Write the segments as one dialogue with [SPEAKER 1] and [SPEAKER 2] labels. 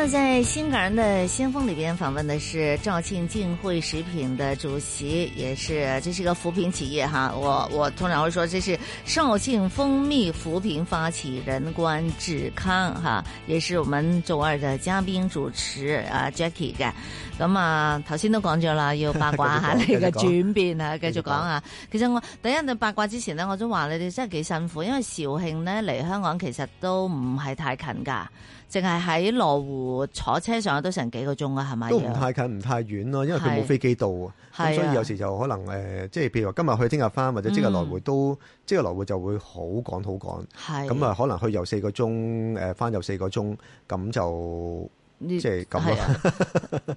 [SPEAKER 1] 那在新港人的先鋒裏邊訪問的是肇慶勁匯食品的主席，也是，這是個扶貧企業哈。我我通常會說，這是肇慶蜂蜜扶貧發起人關志康哈，也是我們周二的嘉賓主持啊 Jackie 嘅。咁啊，頭先、啊、都講咗啦，要八卦下你嘅轉變啊， 繼續講啊。其實我等一陣八卦之前咧，我都話你哋真係幾辛苦，因為肇慶咧離香港其實都唔係太近噶，淨係喺羅湖。坐車上都成幾個鐘啊，係咪？都唔太
[SPEAKER 2] 近，唔太遠咯，因為佢冇飛機到。啊，咁所以有時就可能誒，即、呃、係譬如話今日去，聽日翻，或者即日來回都，嗯、即日來回就會好趕，好趕。係咁啊，可能去又四個鐘，誒、呃，翻又四個鐘，咁就。即係咁
[SPEAKER 1] 啊！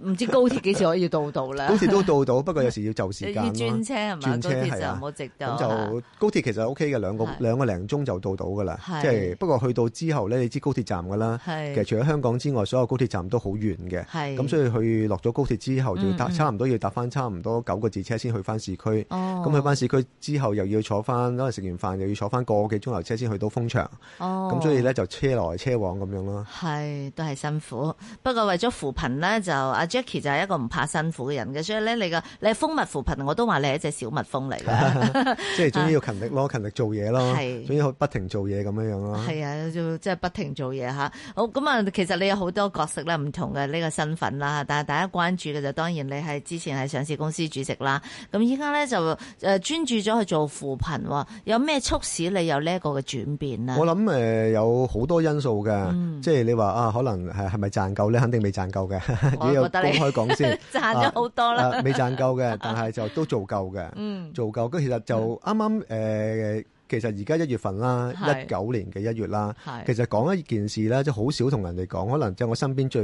[SPEAKER 1] 唔 知高鐵幾時可以到到啦高鐵都
[SPEAKER 2] 到到， 不過有時要就時間。轉車係咪？轉車就唔好直到。咁、啊啊、就高鐵其實 O K 嘅，兩個兩個零鐘就到到噶啦。即係、就是、不過去到之後咧，你知高鐵站噶啦。其實除咗香港之外，所有高鐵站都好遠嘅。咁所以去落咗高鐵之後，就搭差唔多要搭翻差唔多九個字車先去翻市區。咁、哦、去翻市區之後，又要坐翻嗰陣食完飯，又要坐翻個幾鐘頭車先去到風場。咁、哦、所以咧就車來車往咁樣咯。
[SPEAKER 1] 係都係辛苦。不過為咗扶貧呢，Jackie、就阿 Jacky 就係一個唔怕辛苦嘅人嘅，所以咧，你個你係蜂蜜扶貧，我都話你係一隻小蜜蜂嚟
[SPEAKER 2] 嘅， 即係總之要勤力咯，勤力做嘢咯，係，總之不停做嘢咁樣樣咯，係
[SPEAKER 1] 啊，就即係不停做嘢吓，好，咁啊，其實你有好多角色啦，唔同嘅呢個身份啦，但係大家關注嘅就當然你係之前係上市公司主席啦，咁依家咧就誒專注咗去做扶貧，有咩促使你有呢一個嘅轉變啊？我諗
[SPEAKER 2] 誒、呃、有好多因素嘅、嗯，即係你話啊，可能係係咪賺？是有你肯定未賺夠嘅，你要公開講先賺咗好多啦，未賺夠嘅，但係就都做夠嘅，做夠。咁其實就啱啱，誒，其實而家一月份啦，一九年嘅一月啦，其實講一件事咧，即係好少同人哋講，可能即係我身邊最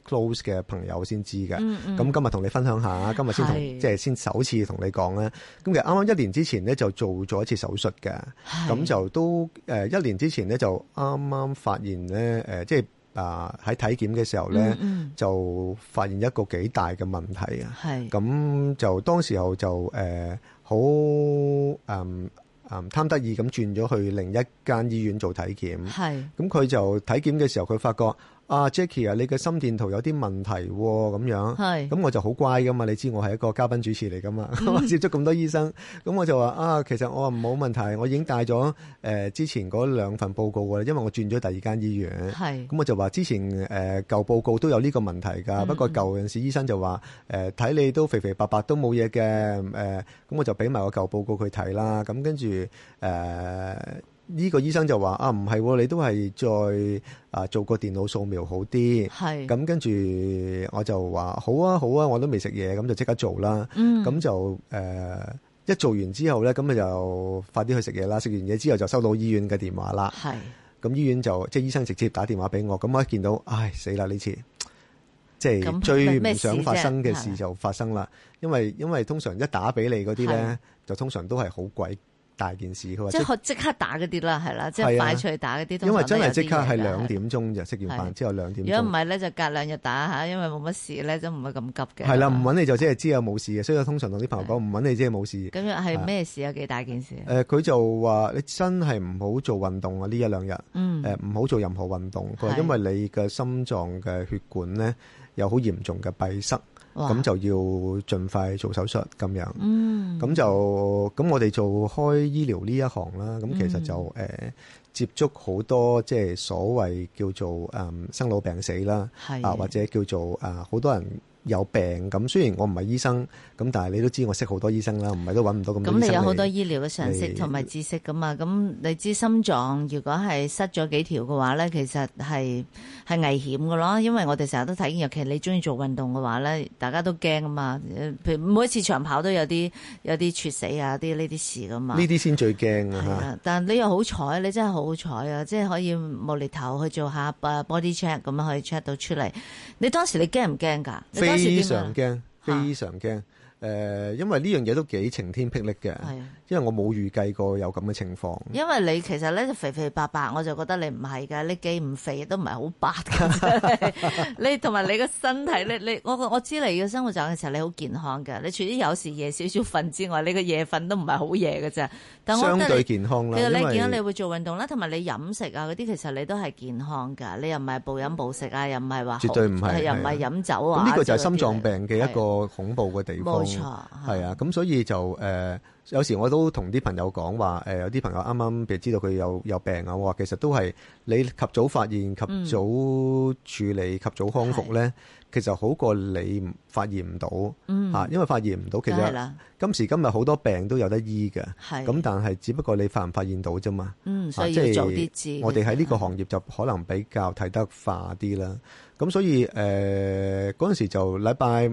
[SPEAKER 2] close 嘅朋友先知嘅。咁今日同你分享下，今日先同即係先首次同你講咧。咁其實啱啱一年之前咧就做咗一次手術嘅，咁就都誒一年之前咧就啱啱發現咧，誒即係。Uh，喺體檢嘅時候，嗯，嗯。就發現一個幾大嘅問題啊。咁就，當時候就，呃，很，嗯，嗯,啊，Jackie 啊，Jackie, 你嘅心電圖有啲問題喎。哦，咁樣。係。咁我就好乖㗎嘛，你知我係一個嘉賓主持嚟㗎嘛， 我接觸咁多醫生，咁我就話啊，其實我唔冇問題，我已經帶咗誒、呃、之前嗰兩份報告㗎啦，因為我轉咗第二間醫院。係。咁我就話之前誒、呃、舊報告都有呢個問題㗎，不過舊陣時醫生就話誒睇你都肥肥白白都冇嘢嘅，誒、呃、咁我就俾埋個舊報告佢睇啦，咁跟住誒。呃呢、這個醫生就話：啊，唔係、哦，你都係再啊做個電腦掃描好啲。咁跟住我就話：好啊，好啊，我都未食嘢，咁就即刻做啦。咁、嗯、就誒、呃、一做完之後呢，咁咪就快啲去食嘢啦。食完嘢之後就收到醫院嘅電話啦。係。咁醫院就即係醫生直接打電話俾我。咁我一見到，唉、哎，死啦！呢次即係最唔想發生嘅事就發生啦。因為因為通常一打俾你嗰啲呢，就通常都係好貴大件事，即刻
[SPEAKER 1] 即刻打嗰啲啦，係啦，即係快脆打嗰啲。因為真係即刻係
[SPEAKER 2] 兩點鐘就食完飯之後兩點。如果唔
[SPEAKER 1] 係咧，就隔兩日打下，因為冇乜事咧，就唔會咁急嘅。係啦，唔
[SPEAKER 2] 揾你就即係知有冇事嘅，所以通常同啲朋友講唔揾你即係冇事。咁
[SPEAKER 1] 樣係咩事，有幾大件事？誒，
[SPEAKER 2] 佢、呃、就話你真係唔好做運動啊！呢一兩日誒唔好做任何運動，佢話因為你嘅心臟嘅血管咧有好嚴重嘅閉塞。咁就要盡快做手術咁樣，咁、嗯、就咁我哋做開醫療呢一行啦，咁其實就誒、嗯呃、接觸好多即係所謂叫做誒、嗯、生老病死啦，啊、呃、或者叫做誒好、呃、多人。有病咁，雖然我唔係醫生咁，但係你都知我識好多醫生啦，唔係都揾唔到咁多醫生。咁你有好多
[SPEAKER 1] 醫療嘅常識同埋知識噶嘛？咁你，你知心臟如果係塞咗幾條嘅話咧，其實係係危險㗎咯。因為我哋成日都睇尤其你中意做運動嘅話咧，大家都驚啊嘛。譬如每一次長跑都有啲有啲猝死啊，啲呢啲事噶嘛。呢啲先
[SPEAKER 2] 最驚啊！係啊，
[SPEAKER 1] 但係你又好彩，你真係好好彩啊！即係可以無厘頭去做下 body check，咁可以 check 到出嚟。你當時你驚唔驚㗎？非常
[SPEAKER 2] 驚，非常驚。啊誒、呃，因為呢樣嘢都幾晴天霹靂嘅，因為我冇預計過有咁嘅情況。
[SPEAKER 1] 因為你其實咧肥肥白白，我就覺得你唔係㗎，你幾唔肥都唔係好白嘅。 你同埋你個身體咧，你，你我我知你嘅生活狀態其實你好健康㗎。你除咗有時夜少少瞓之外，你個夜瞓都唔係好夜㗎啫。相對健康啦。你見到你會做運動啦，同埋你飲食啊嗰啲，其實你都係健康噶。你又唔係暴飲暴食啊，又唔係話絕對唔係，又唔係飲酒啊。咁呢個就係心
[SPEAKER 2] 臟病嘅一個恐怖嘅地方。係啊，咁所以就誒，有時我都同啲朋友講話，誒，有啲朋友啱啱譬如知道佢有有病啊，我話其實都係你及早發現、及早處理、及早康復咧，其實好過你發現唔到，吓，因為發現唔到，其實今時今日好多病都有得醫嘅，咁但係只不過你發唔發現到啫嘛，
[SPEAKER 1] 即係早啲知我哋喺
[SPEAKER 2] 呢個行業就可能比較睇得化啲啦。咁所以誒，嗰陣時就禮拜。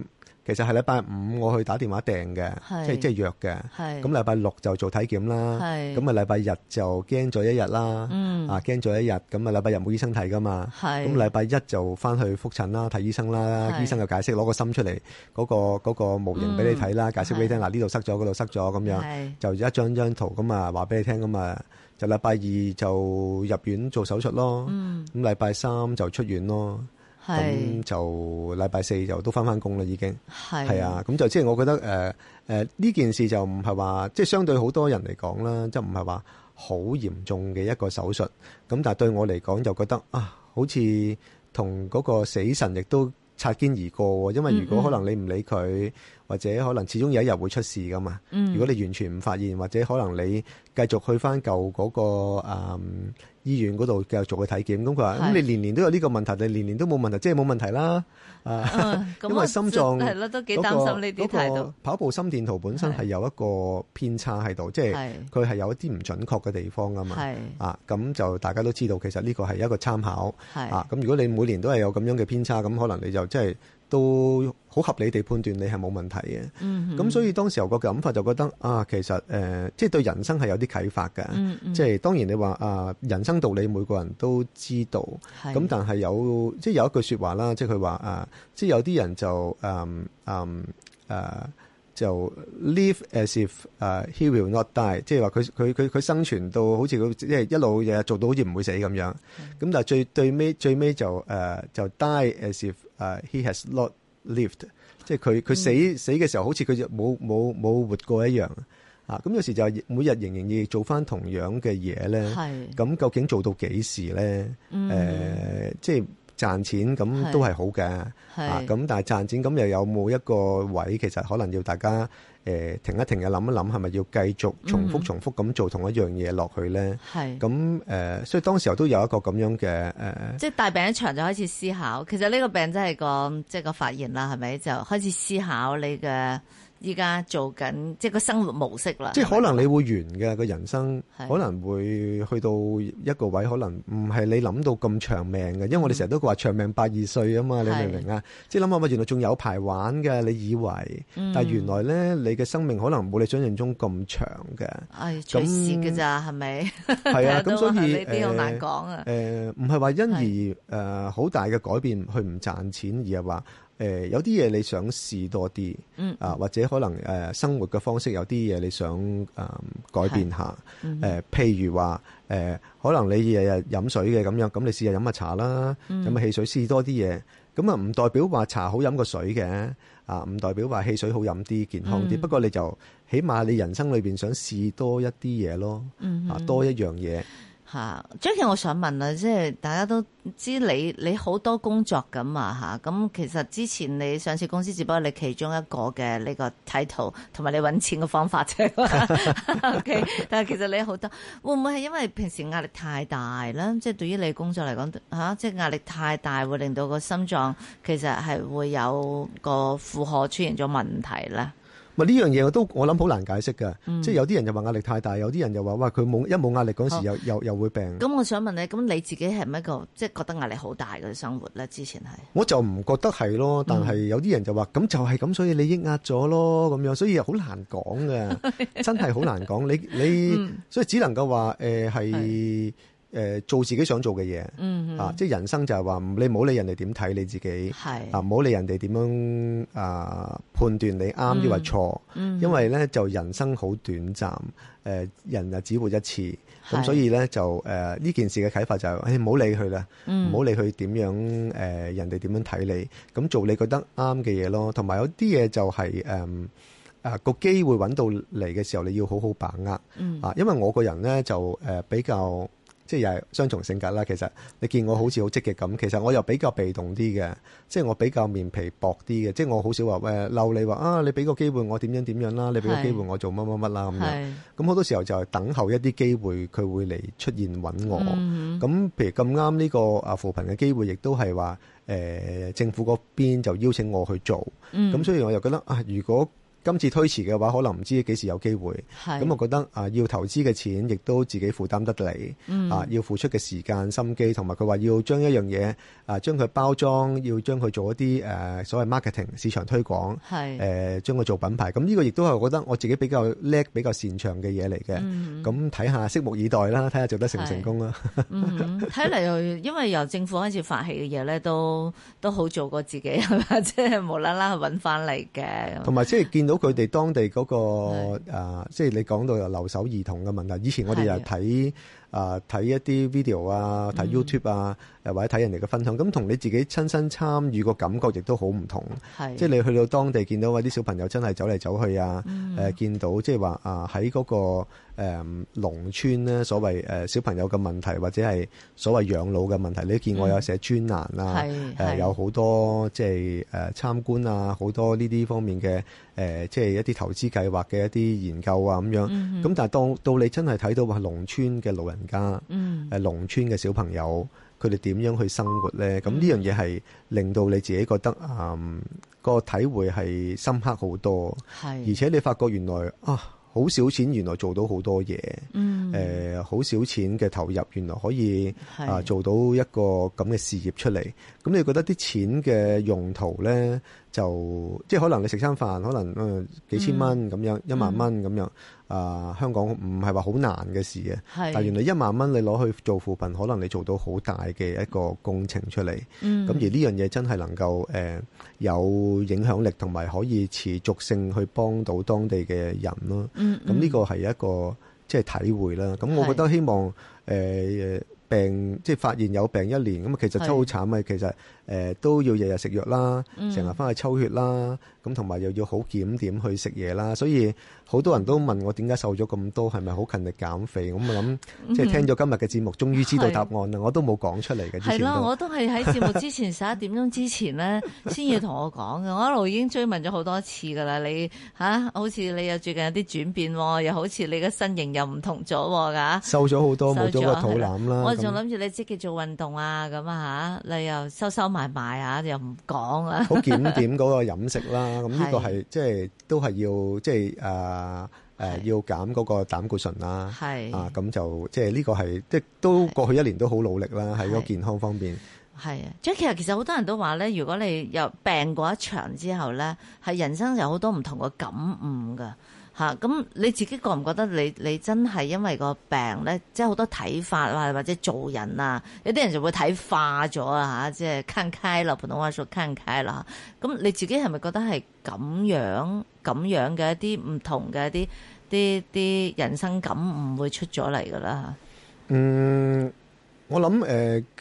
[SPEAKER 2] 其實係禮拜五我去打電話訂嘅，即係即係約嘅。咁禮拜六就做體檢啦，咁啊禮拜日就驚咗一日啦。啊驚咗一日，咁啊禮拜日冇醫生睇㗎嘛。咁禮拜一就返去覆診啦，睇醫生啦，醫生就解釋攞個心出嚟，嗰個嗰個模型俾你睇啦，解釋俾你聽。嗱，呢度塞咗，嗰度塞咗，咁樣就一張張圖咁啊話俾你聽咁啊。就禮拜二就入院做手術咯，咁禮拜三就出院咯。咁就禮拜四就都返返工啦，已經係啊，咁就即係我覺得誒誒呢件事就唔係話即係相對好多人嚟講啦，即係唔係話好嚴重嘅一個手術，咁但係對我嚟講就覺得啊，好似同嗰個死神亦都擦肩而過，因為如果可能你唔理佢。嗯嗯或者可能始終有一日會出事噶嘛。如果你完全唔發現，或者可能你繼續去翻舊嗰個誒、嗯、醫院嗰度繼續做個體檢，咁佢話：咁、嗯、你年年都有呢個問題，你年年都冇問題，即係冇問題啦。咁、嗯嗯、 因為心臟係都幾擔心呢啲態度。跑步心電圖本身係有一個偏差喺度，即係佢係有一啲唔準確嘅地方㗎嘛。啊，咁就大家都知道，其實呢個係一個參考。啊，咁如果你每年都係有咁樣嘅偏差，咁可能你就即係都。好合理地判斷，你係冇問題嘅。咁、mm-hmm. 嗯、所以當時候個諗法就覺得啊，其實誒、呃，即係對人生係有啲啟發嘅。Mm-hmm. 即係當然你話啊、呃，人生道理每個人都知道咁，mm-hmm. 但係有即係有一句説話啦，即係佢話啊，即係有啲人就誒誒誒就 live as if 誒、uh, he will not die，即係話佢佢佢佢生存到好似佢即係一路嘢做到好似唔會死咁樣。咁、mm-hmm. 但係最最尾最尾就誒、uh, 就 die as if 誒、uh, he has not，lift，即係佢佢死、嗯、死嘅時候好，好似佢冇冇冇活過一樣啊！咁有時就係每日仍然要做翻同樣嘅嘢咧，咁究竟做到幾時咧？誒、嗯呃，即係賺錢咁都係好嘅，啊咁，但係賺錢咁又有冇一個位，其實可能要大家。誒，停一停嘅諗一諗，係咪要繼續重複重複咁做同一樣嘢落去咧？係咁誒，所以當時候都有一個咁樣嘅誒，即
[SPEAKER 1] 係大病一場就開始思考。其實呢個病真係個即係個發現啦，係咪就開始思考你嘅依家做緊即係個生活模式啦。即係可
[SPEAKER 2] 能你會完嘅個人生，可能會去到一個位，可能唔係你諗到咁長命嘅，因為我哋成日都話長命百二歲啊嘛，你明唔明啊？即係諗下咪原來仲有排玩嘅，你以為，但係原來咧你嘅生命可能冇你想象中咁長嘅，咁事嘅
[SPEAKER 1] 咋係咪？係 啊，咁所以難講啊誒，
[SPEAKER 2] 唔係話因而誒好大嘅改變去唔賺錢，是而係話誒有啲嘢你想試多啲，嗯、啊或者可能誒、呃、生活嘅方式有啲嘢你想誒、呃、改變一下，誒、嗯呃、譬如話誒、呃、可能你日日飲水嘅咁樣，咁你試下飲下茶啦，飲、嗯、下汽水試多啲嘢，咁啊唔代表話茶好飲過水嘅。啊，唔代表話汽水好飲啲、健康啲，不過你就起碼你人生裏邊想試多一啲嘢咯，啊，多一樣嘢。
[SPEAKER 1] 吓，Jackie，我想問啊，即係大家都知你你好多工作咁啊，咁其實之前你上市公司只不過你其中一個嘅呢個睇圖同埋你揾錢嘅方法啫。 Okay，但係其實你好多，會唔會係因為平時壓力太大呢？即係對於你工作嚟講，即係壓力太大會令到個心臟其實係會有個負荷出現咗問題咧。
[SPEAKER 2] 唔係呢樣嘢，我都我諗好難解釋㗎，即係有啲人又話壓力太大，有啲人又話哇佢冇一冇壓力嗰時又又又會病。
[SPEAKER 1] 咁我想問你，咁你自己係咪一個即係覺得壓力好大嘅生活咧？之前係
[SPEAKER 2] 我就唔覺得係咯，但係有啲人就話咁就係咁，所以你抑壓咗咯咁樣，所以又好難講嘅，
[SPEAKER 1] 真係好
[SPEAKER 2] 難講。你你所以只能夠話誒係。誒，做自己想做嘅嘢，嗯，啊，即係人生就係話，你唔好理人哋點睇你自己，啊，唔好理人哋點樣啊判斷你啱抑或錯，因為咧就人生好短暫，誒、呃，人又只活一次，咁所以咧就誒呢、呃、件事嘅啟發就係、是、誒、欸，唔好理佢啦，唔好理佢點樣，誒、呃，人哋點樣睇你，咁做你覺得啱嘅嘢咯，同埋有啲嘢就係、是、誒、嗯、啊個機會搵到嚟嘅時候，你要好好把握，嗯、啊，因為我個人咧就誒、呃、比較。即係又係雙重性格啦。其實你見我好似好積極咁，其實我又比較被動啲嘅，即係我比較面皮薄啲嘅，即係我好少話誒鬧你話啊。你俾個機會我點樣點樣啦，你俾個機會我做乜乜乜啦咁樣。咁好多時候就係等候一啲機會，佢會嚟出現揾我。咁、嗯、譬如咁啱呢個啊，扶貧嘅機會亦都係話誒政府嗰邊就邀請我去做。咁、嗯、所以我又覺得啊，如果今次推遲嘅話，可能唔知幾時有機會。咁我覺得啊、呃，要投資嘅錢，亦都自己負擔得嚟、嗯。啊，要付出嘅時間、心機，同埋佢話要將一樣嘢啊，將佢包裝，要將佢做一啲誒、呃、所謂 marketing 市場推廣。誒、呃，將佢做品牌。咁呢個亦都係我覺得我自己比較叻、比較擅長嘅嘢嚟嘅。咁、嗯、睇、嗯、下，拭目以待啦，睇下做得成唔成功啦。
[SPEAKER 1] 睇嚟又、嗯嗯、 因為由政府開始發起嘅嘢咧，都都好做過自己，即 係無啦啦揾翻嚟嘅。同
[SPEAKER 2] 埋即係見。到佢哋當地嗰、嗰個啊、呃，即係你講到留留守兒童嘅問題。以前我哋又睇誒，睇、呃、一啲 video 啊，睇 YouTube 啊。嗯或者睇人哋嘅分享，咁同你自己親身參與個感覺，亦都好唔同。係即係你去到當地見到話啲小朋友真係走嚟走去啊。誒、嗯呃，見到即係話啊，喺、呃、嗰、那個誒、呃、農村咧，所謂、呃、小朋友嘅問題，或者係所謂養老嘅問題，你見我有寫專欄啦、嗯啊呃，有好多即係誒、呃、參觀啊，好多呢啲方面嘅、呃、即係一啲投資計劃嘅一啲研究啊，咁樣咁。但係到到你真係睇到話農村嘅老人家，誒、嗯呃、農村嘅小朋友。佢哋點樣去生活呢？咁呢樣嘢係令到你自己覺得，嗯，個體會係深刻好多。係，而且你發覺原來啊，好少錢原來做到好多嘢。嗯，誒、呃，好少錢嘅投入原來可以啊做到一個咁嘅事業出嚟。咁你覺得啲錢嘅用途呢？就即係可能你食餐飯，可能誒、嗯、幾千蚊咁樣、嗯，一萬蚊咁樣，啊、呃、香港唔係話好難嘅事嘅，但係原來一萬蚊你攞去做扶貧，可能你做到好大嘅一個工程出嚟，咁、嗯、而呢樣嘢真係能夠誒、呃、有影響力，同埋可以持續性去幫到當地嘅人咯，咁、嗯、呢、嗯、個係一個即係、就是、體會啦。咁我覺得希望誒。病即係發現有病一年，咁啊其實都好慘嘅。其實誒、呃、都要日日食藥啦，成日翻去抽血啦，咁同埋又要好檢點去食嘢啦，所以。好多人都問我點解瘦咗咁多，係咪好勤力減肥？咁我諗，即係聽咗今日嘅節目，終於知道答案啦、嗯！我都冇講出嚟嘅。係咯，我都係喺節目之
[SPEAKER 1] 前十一 點鐘之前咧，先要同我講嘅。我一路已經追問咗好多次㗎啦。你嚇、啊，好似你又最近有啲轉變喎，又好似你嘅身形又唔同咗㗎。瘦
[SPEAKER 2] 咗好多，冇咗個肚腩啦。我仲諗
[SPEAKER 1] 住你積極做運動啊，咁啊嚇，你又收收埋埋啊，又唔講啦。好檢
[SPEAKER 2] 點嗰個飲食啦，咁 呢個係即係都係要即係誒啊、呃！要減嗰個膽固醇啦，啊咁就即係呢個係即都過去一年都好努力啦，喺個健康方面。
[SPEAKER 1] 係，即其實其實好多人都話咧，如果你有病過一場之後咧，係人生有好多唔同嘅感悟噶。咁、啊、你自己覺唔覺得你你真係因為個病咧，即係好多睇法啦，或者做人啊，有啲人就會睇化咗啊，即係坑開啦，普通話講坑開啦。咁你自己係咪覺得係咁樣咁樣嘅一啲唔同嘅一啲啲啲人生感悟會出咗嚟噶啦？
[SPEAKER 2] 嗯，我諗叫、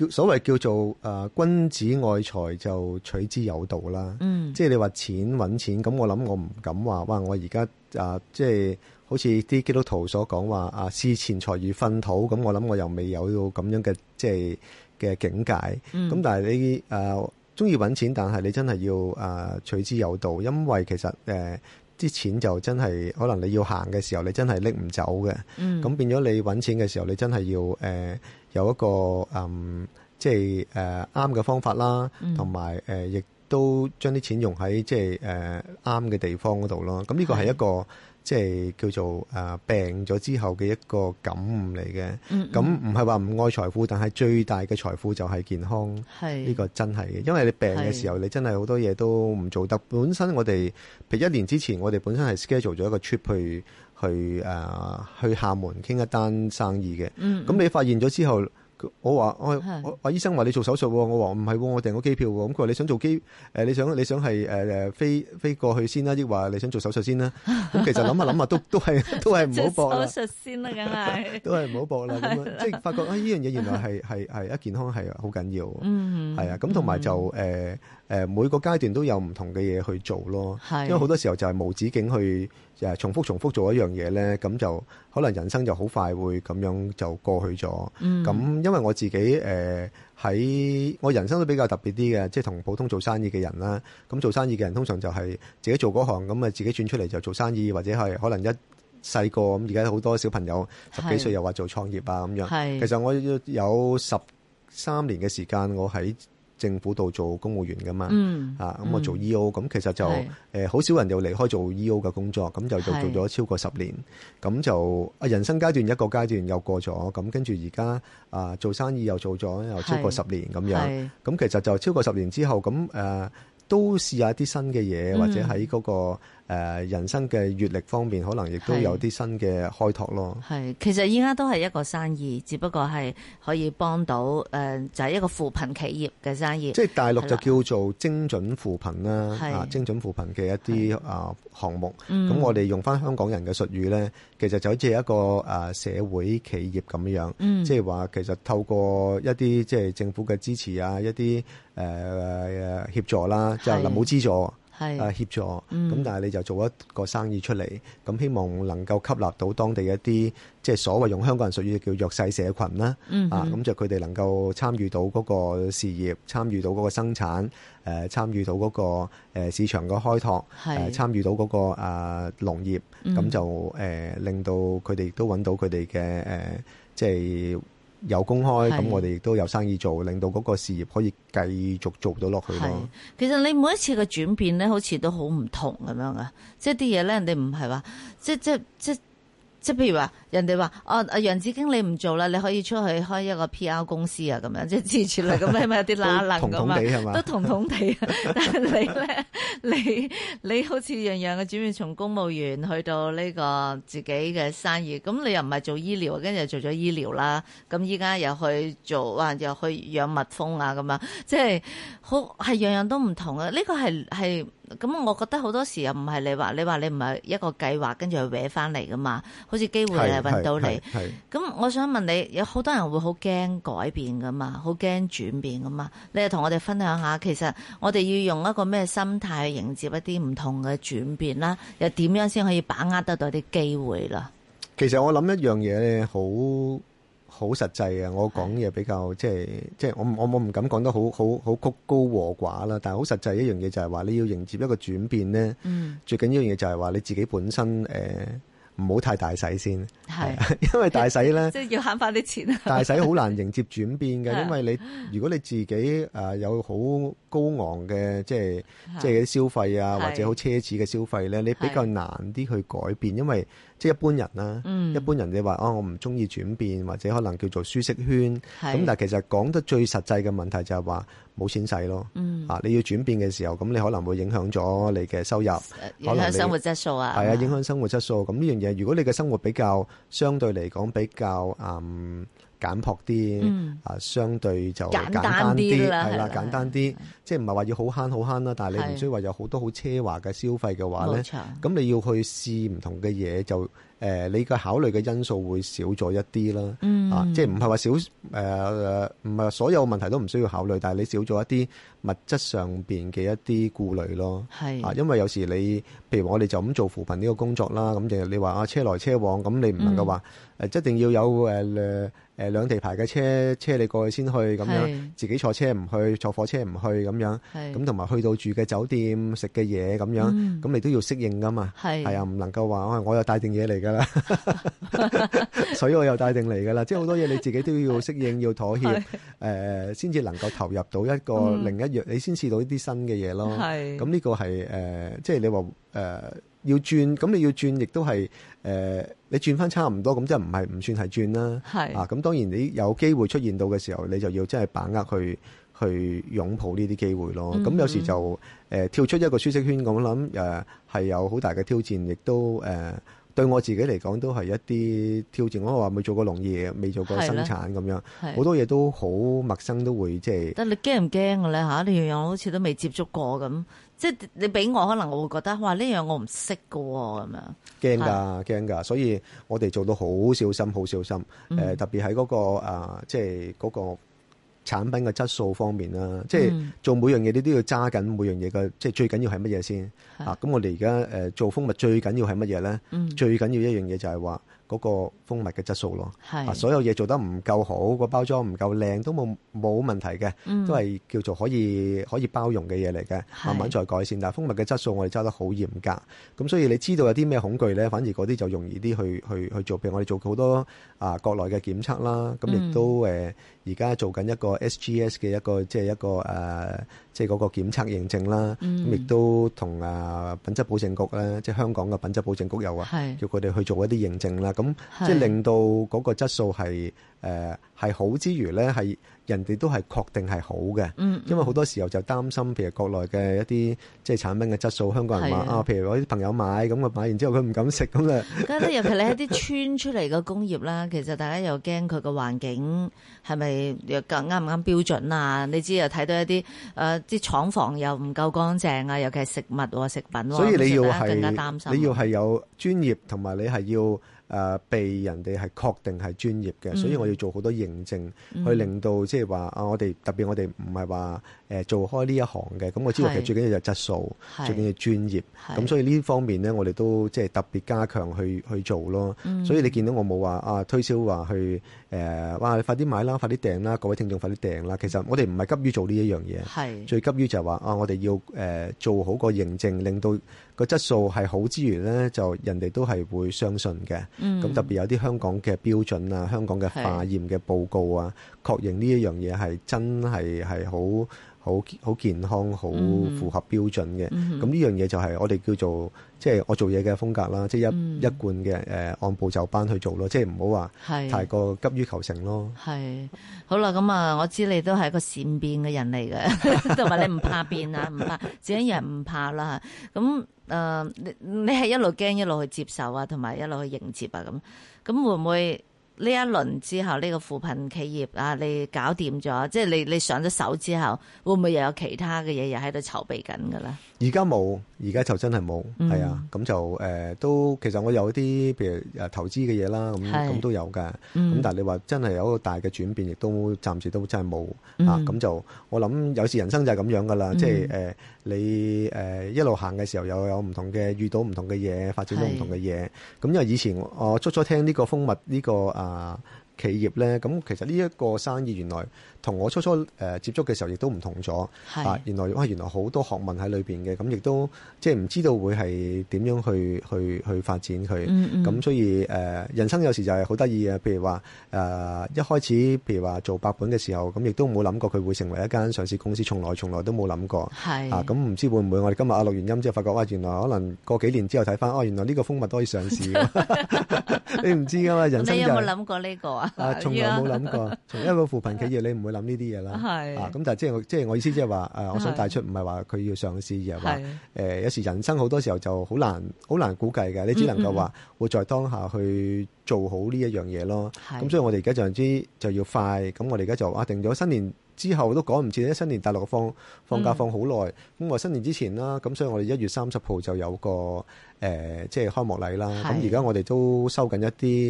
[SPEAKER 2] 呃、所謂叫做誒、呃、君子愛財就取之有道啦。嗯，即係你話錢揾錢咁，我諗我唔敢話哇！我而家啊，即係好似啲基督徒所講話啊，視錢財如糞土，咁我諗我又未有到咁樣嘅即係嘅境界。咁、嗯、但係你誒中意揾錢，但係你真係要誒、呃、取之有道，因為其實誒啲、呃、錢就真係可能你要行嘅時候，你真係拎唔走嘅。咁、嗯、變咗你揾錢嘅時候，你真係要誒、呃、有一個、呃呃、嗯，即係誒啱嘅方法啦，同埋誒亦。都將啲錢用喺即係誒啱嘅地方嗰度咯。咁呢個係一個即係叫做誒、呃、病咗之後嘅一個感悟嚟嘅。咁唔係話唔愛財富，但係最大嘅財富就係健康。係呢、呢個真係嘅，因為你病嘅時候，你真係好多嘢都唔做得。本身我哋譬如一年之前，我哋本身係 schedule 咗一個 trip 去去誒、呃、去廈門傾一單生意嘅。咁、嗯嗯、你發現咗之後。我話，我我醫生話你做手術，我話唔係，我訂咗機票。咁佢話你想做機，誒、呃、你想你想係誒誒飛飛過去先啦，亦話你想做手術先啦。咁 其實諗下諗下都都係都係唔好搏手術
[SPEAKER 1] 先啦，梗係都係唔好搏啦。咁即係發覺
[SPEAKER 2] 啊，呢、呃、樣嘢原來係係係一健康係好緊要，係、嗯、啊。咁同埋就誒誒、嗯呃、每個階段都有唔同嘅嘢去做咯。因為好多時候就係無止境去。誒重複重複做一樣嘢咧，咁就可能人生就好快會咁樣就過去咗。咁、嗯、因為我自己誒喺我人生都比較特別啲嘅，即係同普通做生意嘅人啦。咁做生意嘅人通常就係自己做嗰行，咁啊自己轉出嚟就做生意，或者係可能一細個咁，而家好多小朋友十幾歲又話做創業啊咁樣。係。其實我有十三年嘅時間，我喺政府度做公務員噶嘛，嗯，啊，咁我做 E.O. 咁、嗯、其實就呃、好少人又離開做 E.O. 嘅工作，咁就做做咗超過十年，咁就啊人生階段一個階段又過咗，咁跟住而家啊做生意又做咗又超過十年咁樣，咁其實就超過十年之後咁誒、啊、都試下啲新嘅嘢，或者喺嗰個。嗯誒、呃、人生嘅閱歷方面，可能亦都有啲新嘅開拓咯。
[SPEAKER 1] 係，其實依家都係一個生意，只不過係可以幫到誒、呃，就係、是、一個扶貧企業嘅生意。即係大陸就叫
[SPEAKER 2] 做精準扶貧啦，係、啊、精準扶貧嘅一啲啊項目。咁我哋用翻香港人嘅術語咧、嗯，其實就好似一個誒社會企業咁樣樣。嗯、即係話其實透過一啲即係政府嘅支持啊，一啲誒、呃、協助啦，就係臨時資助。係啊，協助咁、嗯，但係你就做一個生意出嚟，咁希望能夠吸納到當地一啲即係所謂用香港人俗語叫弱勢社群啦、嗯嗯。啊，咁就佢哋能夠參與到嗰個事業，參與到嗰個生產，參與到嗰個市場嘅開拓，參與到嗰、嗰個啊、呃呃嗰個呃、農業，咁、嗯、就、呃、令到佢哋都搵到佢哋嘅即係。有公開咁，我哋亦都有生意做，令到嗰個事業可以繼續做到落去咯。
[SPEAKER 1] 其實你每一次嘅轉變咧，好似都好唔同咁樣啊！即係啲嘢咧，人哋唔係話，即係即係即係。即係譬如話，人哋話哦，楊子經你唔做啦，你可以出去開一個 PR 公司啊，咁樣即係自似嚟咁樣，咪 有啲拉冷噶嘛？都同同地，同同 但係你咧，你你好似樣樣嘅轉變，從公務員去到呢個自己嘅生意，咁你又唔係做醫療，跟住又做咗醫療啦，咁依家又去做，哇！又去養蜜蜂啊，咁樣，即係好係樣樣都唔同啊！呢、呢個係係。咁、嗯、我覺得好多時又唔係你話你話你唔係一個計劃跟住去搲返嚟噶嘛，好似機會嚟搵到你。咁、嗯、我想問你，有好多人會好驚改變噶嘛，好驚轉變噶嘛？你又同我哋分享下，其實我哋要用一個咩心態去迎接一啲唔同嘅轉變啦，又點樣先可以把握得到啲機會啦？
[SPEAKER 2] 其實我諗一樣嘢咧，好。好實際啊！我講嘢比較即係即係我我我唔敢講得好好好曲高和寡啦，但係好實際一樣嘢就係話你要迎接一個轉變咧、嗯。最緊要樣樣嘢就係話你自己本身誒唔好太大使先，係因為大使咧，即
[SPEAKER 1] 係要慳翻啲錢。大使好
[SPEAKER 2] 難迎接轉變嘅，因為你如果你自己誒、呃、有好高昂嘅即係即係啲消費啊，或者好奢侈嘅消費咧，你比較難啲去改變，因為。即係一般人啦，嗯，一般人你話哦，我唔中意轉變，或者可能叫做舒適圈。咁但係其實講得最實際嘅問題就係話冇錢使咯。啊，你要轉變嘅時候，咁你可能會影響咗你嘅收入，影響生活
[SPEAKER 1] 質素啊。係啊，影
[SPEAKER 2] 響生活質素。咁呢樣嘢，如果你嘅生活比較相對嚟講比較嗯。簡樸啲啊，相對就簡單啲啦，係啦、嗯，簡單啲，即係唔係話要好慳好慳啦，但係你唔需要話有好多好奢華嘅消費嘅話咧，咁你要去試唔同嘅嘢就。誒，你嘅考慮嘅因素會少咗一啲啦，啊，即係唔係話少誒？唔係話所有問題都唔需要考慮，但係你少咗一啲物質上面嘅一啲顧慮咯。係啊，因為有時你，譬如我哋就咁做扶貧呢個工作啦，咁就你話啊車來車往，咁你唔能夠話誒，一定要有誒誒兩地牌嘅車車你過去先去咁樣，自己坐車唔去，坐火車唔去咁樣，咁同埋去到住嘅酒店食嘅嘢咁樣，咁你都要適應㗎嘛。係係啊，唔能夠話啊，我有帶定嘢嚟。啦， 所以我又帶定嚟噶啦。 即係好多嘢，你自己都要適應， 要妥協協誒，先 至、okay. 呃、能夠投入到一個、嗯、另一樣，你先試到呢啲新嘅嘢咯。係咁，呢個係誒、呃，即係你話誒、呃、要轉，咁你要轉，亦都係誒你轉翻差唔多，咁即係唔係唔算係轉啦。係啊，咁當然你有機會出現到嘅時候，你就要真係把握去去擁抱呢啲機會咯。咁、嗯、有時就誒、呃、跳出一個舒適圈，咁諗誒係有好大嘅挑戰，亦都誒。呃對我自己嚟講都係一啲挑戰，我話未做過農業，未做過生產咁樣，好多嘢都好陌生，都會即係、即係。
[SPEAKER 1] 但你驚唔驚嘅咧嚇？呢、啊、樣好似都未接觸過咁，即係你俾我，可能我會覺得哇呢樣我唔識㗎喎咁樣。驚
[SPEAKER 2] 㗎驚㗎，所以我哋做到好小心好小心，誒、嗯、特別喺嗰個啊即係嗰個。啊即係嗰個產品嘅質素方面啦，即係做每樣嘢你都要揸緊每樣嘢嘅，即係最緊要係乜嘢先啊？咁我哋而家誒做蜂蜜最緊要係乜嘢咧？最緊要、嗯、一樣嘢就係話。嗰個蜂蜜嘅質素咯，啊，所有嘢做得唔夠好，個包裝唔夠靚都冇冇問題嘅，都係叫做可以可以包容嘅嘢嚟嘅，慢慢再改善。但係蜂蜜嘅質素我哋揸得好嚴格，咁所以你知道有啲咩恐懼咧，反而嗰啲就容易啲去去去做，譬如我哋做好多啊，國內嘅檢測啦，咁亦都誒而家做緊一個 SGS 嘅一個即係一個誒。即係嗰個檢測認證啦，咁亦都同啊品質保證局咧，即係香港嘅品質保證局有啊，叫佢哋去做一啲認證啦，咁即係令到嗰個質素係誒。呃係好之餘咧，係人哋都係確定係好嘅，嗯嗯因為好多時候就擔心，譬如國內嘅一啲即係產品嘅質素，香港人話啊，譬如我啲朋友買咁，佢買完之後佢唔敢食咁啊。尤其你喺啲
[SPEAKER 1] 村出嚟嘅工業啦， 其實大家又驚佢個環境係咪又啱唔啱標準啊？你知又睇到一啲誒啲廠房又唔夠乾淨啊，尤其係食物、啊、食品、啊，所以你要係、更加擔心、你要係
[SPEAKER 2] 有專業同埋你係要。誒被人哋係確定係專業嘅，所以我要做好多認證，嗯、去令到即係話啊，我哋特別我哋唔係話做開呢一行嘅，咁我知道其實最緊要就係質素，最緊要專業，咁所以呢方面呢，我哋都即係特別加強去去做咯。所以你見到我冇話啊推銷話去誒、呃，哇！你快啲買啦，快啲訂啦，各位聽眾快啲訂啦。其實我哋唔係急於做呢一樣嘢，最急於就係話啊，我哋要、呃、做好個認證，令到。個質素係好之餘呢，就人哋都係會相信嘅。咁、嗯、特別有啲香港嘅標準啊，香港嘅化驗嘅報告啊，確認呢一樣嘢係真係係好。好好健康，好符合標準嘅。咁、嗯、呢樣嘢就係我哋叫做即係、就是、我做嘢嘅風格啦，即、就、係、是、一、嗯、一貫嘅誒按部就班去做咯，即係唔好話太過急於求成咯。
[SPEAKER 1] 係好啦，咁啊，我知你都係一個善變嘅人嚟嘅，同 埋你唔怕變啊，唔 怕自己人唔怕啦。咁誒、呃，你你係一路驚一路去接受啊，同埋一路去迎接啊，咁咁會唔會？呢一輪之後，呢、呢個扶貧企業啊，你搞掂咗，即係你你上咗手之後，會唔會又有其他嘅嘢又喺度籌備緊㗎？啦
[SPEAKER 2] 而家冇，而家就真係冇，係、嗯、啊，咁就誒都、呃、其實我有啲譬如誒投資嘅嘢啦，咁咁都有嘅，咁、嗯、但係你話真係有一個大嘅轉變，亦都暫時都真係冇、嗯、啊。咁就我諗，有時人生就係咁樣噶啦、嗯，即係誒。呃你誒、呃、一路行嘅時候，又有唔同嘅遇到唔同嘅嘢，發展到唔同嘅嘢。咁因為以前我足足聽呢個蜂蜜呢、這個啊。呃企業呢，咁其實呢一個生意原來同我初初、呃、接觸嘅時候亦都唔同咗。係，原來哇，原來好多學問喺裏邊嘅，咁亦都即係唔知道會係點樣去去去發展佢。咁、嗯嗯、所以誒、呃，人生有時就係好得意嘅，譬如話誒、呃，一開始譬如話做百本嘅時候，咁亦都冇諗過佢會成為一間上市公司，從來從來都冇諗過。係。啊，咁唔知會唔會我哋今日啊錄完音之後發覺哇、呃，原來可能過幾年之後睇翻，哦，原來呢個蜂蜜都可以上市。 你唔知㗎嘛？人生、就係。你有冇諗
[SPEAKER 1] 過呢、呢個啊？啊，從來冇諗過，
[SPEAKER 2] 從一個扶貧企業你，你唔會諗呢啲嘢啦。啊，咁但係即係我即我意思，即係話，我想帶出，唔係話佢要上市，而係話、呃，有時人生好多時候就好難，好難估計嘅。你只能夠話，會在當下去做好呢一樣嘢咯。咁、 啊、所以，我哋而家就知就要快。咁我哋而家就、啊、定咗新年之後都趕唔切，新年大陸放放假放好耐。咁、嗯、話、啊、新年之前啦，咁所以我哋一月三十號就有個誒、呃，即係開幕禮啦。咁而家我哋都收緊一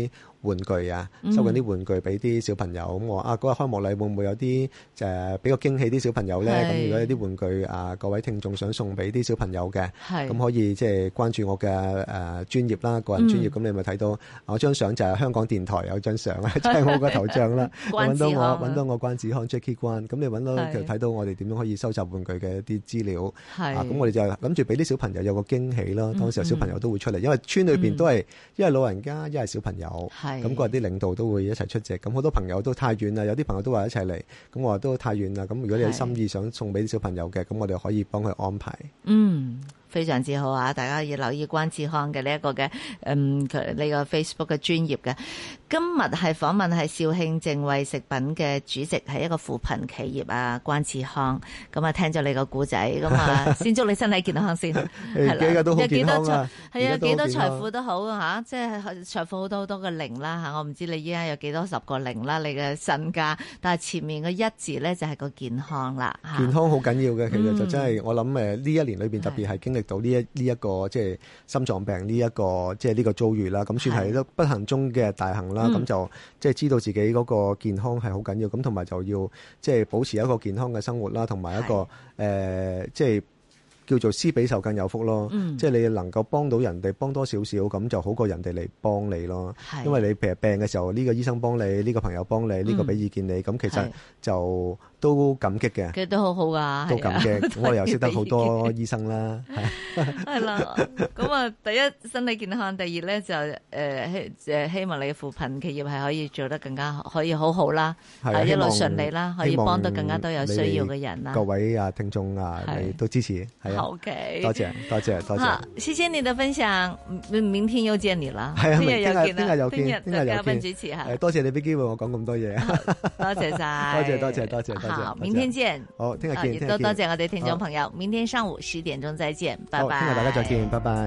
[SPEAKER 2] 啲。玩具啊，收緊啲玩具俾啲小朋友。咁我啊，嗰日開幕禮會唔會有啲誒比較驚喜啲小朋友咧？咁如果有啲玩具啊，各位聽眾想送俾啲小朋友嘅，咁可以即係關注我嘅誒專業啦，個人專業，咁你咪睇到我張相，就係香港電台有張相，即係我個頭像啦，揾到我揾到我關子康 Jackie 關，咁你揾到就睇到我哋點樣可以收集玩具嘅一啲資
[SPEAKER 1] 料，咁我哋
[SPEAKER 2] 就諗住俾啲小朋友有個驚喜啦。當時有小朋友都會出嚟，因為村裏邊都係一係老人家一係小朋友。咁嗰啲領導都會一齊出席，咁好多朋友都太遠啦，有啲朋友都話一齊嚟，咁我話都太遠啦。咁如果你有心意想送俾啲小朋友嘅，咁我哋可以幫佢安排。
[SPEAKER 1] 嗯，非常之好啊！大家要留意關志康嘅呢一個嘅，嗯，佢呢個 Facebook 嘅專業嘅。今日係訪問係肇慶正惠食品嘅主席，係一個扶貧企業啊，關志康。咁啊，聽咗你個故仔，咁啊，先祝你身體健康先。係 啦，而家都好健康啊！係幾多，幾多財富都好嚇，即係財富好多好多個零啦嚇。我唔知你依家有幾多十個零啦，你嘅身家。但係前面個一字咧，就係個健康啦。健
[SPEAKER 2] 康好緊要嘅、嗯，其實就真係我諗誒呢一年裏邊特別係經歷到呢一呢一、呢個即係心臟病呢、呢、一個即係呢個遭遇啦。咁算係都不幸中嘅大幸。啦、嗯，咁就即係知道自己嗰個健康係好緊要，咁同埋就要即係保持一個健康嘅生活啦，同埋一個即係、呃、叫做施比受更有福咯。即、嗯、係、就是、你能夠幫到人哋，幫多少少咁就好過人哋嚟幫你咯。因為你病病嘅時候，呢個醫生幫你，呢個朋友幫你，呢個俾意見你，咁、嗯、其實就。都感激嘅，佢
[SPEAKER 1] 都好好、啊、噶。都感激，啊、我又識得好多醫生啦。係啦，咁啊，第一身體健康，第二咧就誒、呃、希望你嘅扶貧企業係可以做得更加可以好好啦，啊、一路順利啦，可以幫到更加多有需要嘅人啦。各
[SPEAKER 2] 位啊聽眾啊，係、啊、都支持，係啊，OK，多謝多謝多謝。好，多謝，啊、
[SPEAKER 1] 謝謝你嘅分享，明，明天又見你啦。係聽日又見啦，聽日又聽日又見。主持人多
[SPEAKER 2] 謝你俾機會我講咁多嘢，
[SPEAKER 1] 多謝晒，多謝多謝多
[SPEAKER 2] 謝多謝。多謝.好，明天
[SPEAKER 1] 見。好，聽日你多多謝我的聽眾朋友、哦，明天上午十點鐘再見，拜拜。聽、哦、大家
[SPEAKER 2] 再見，拜拜。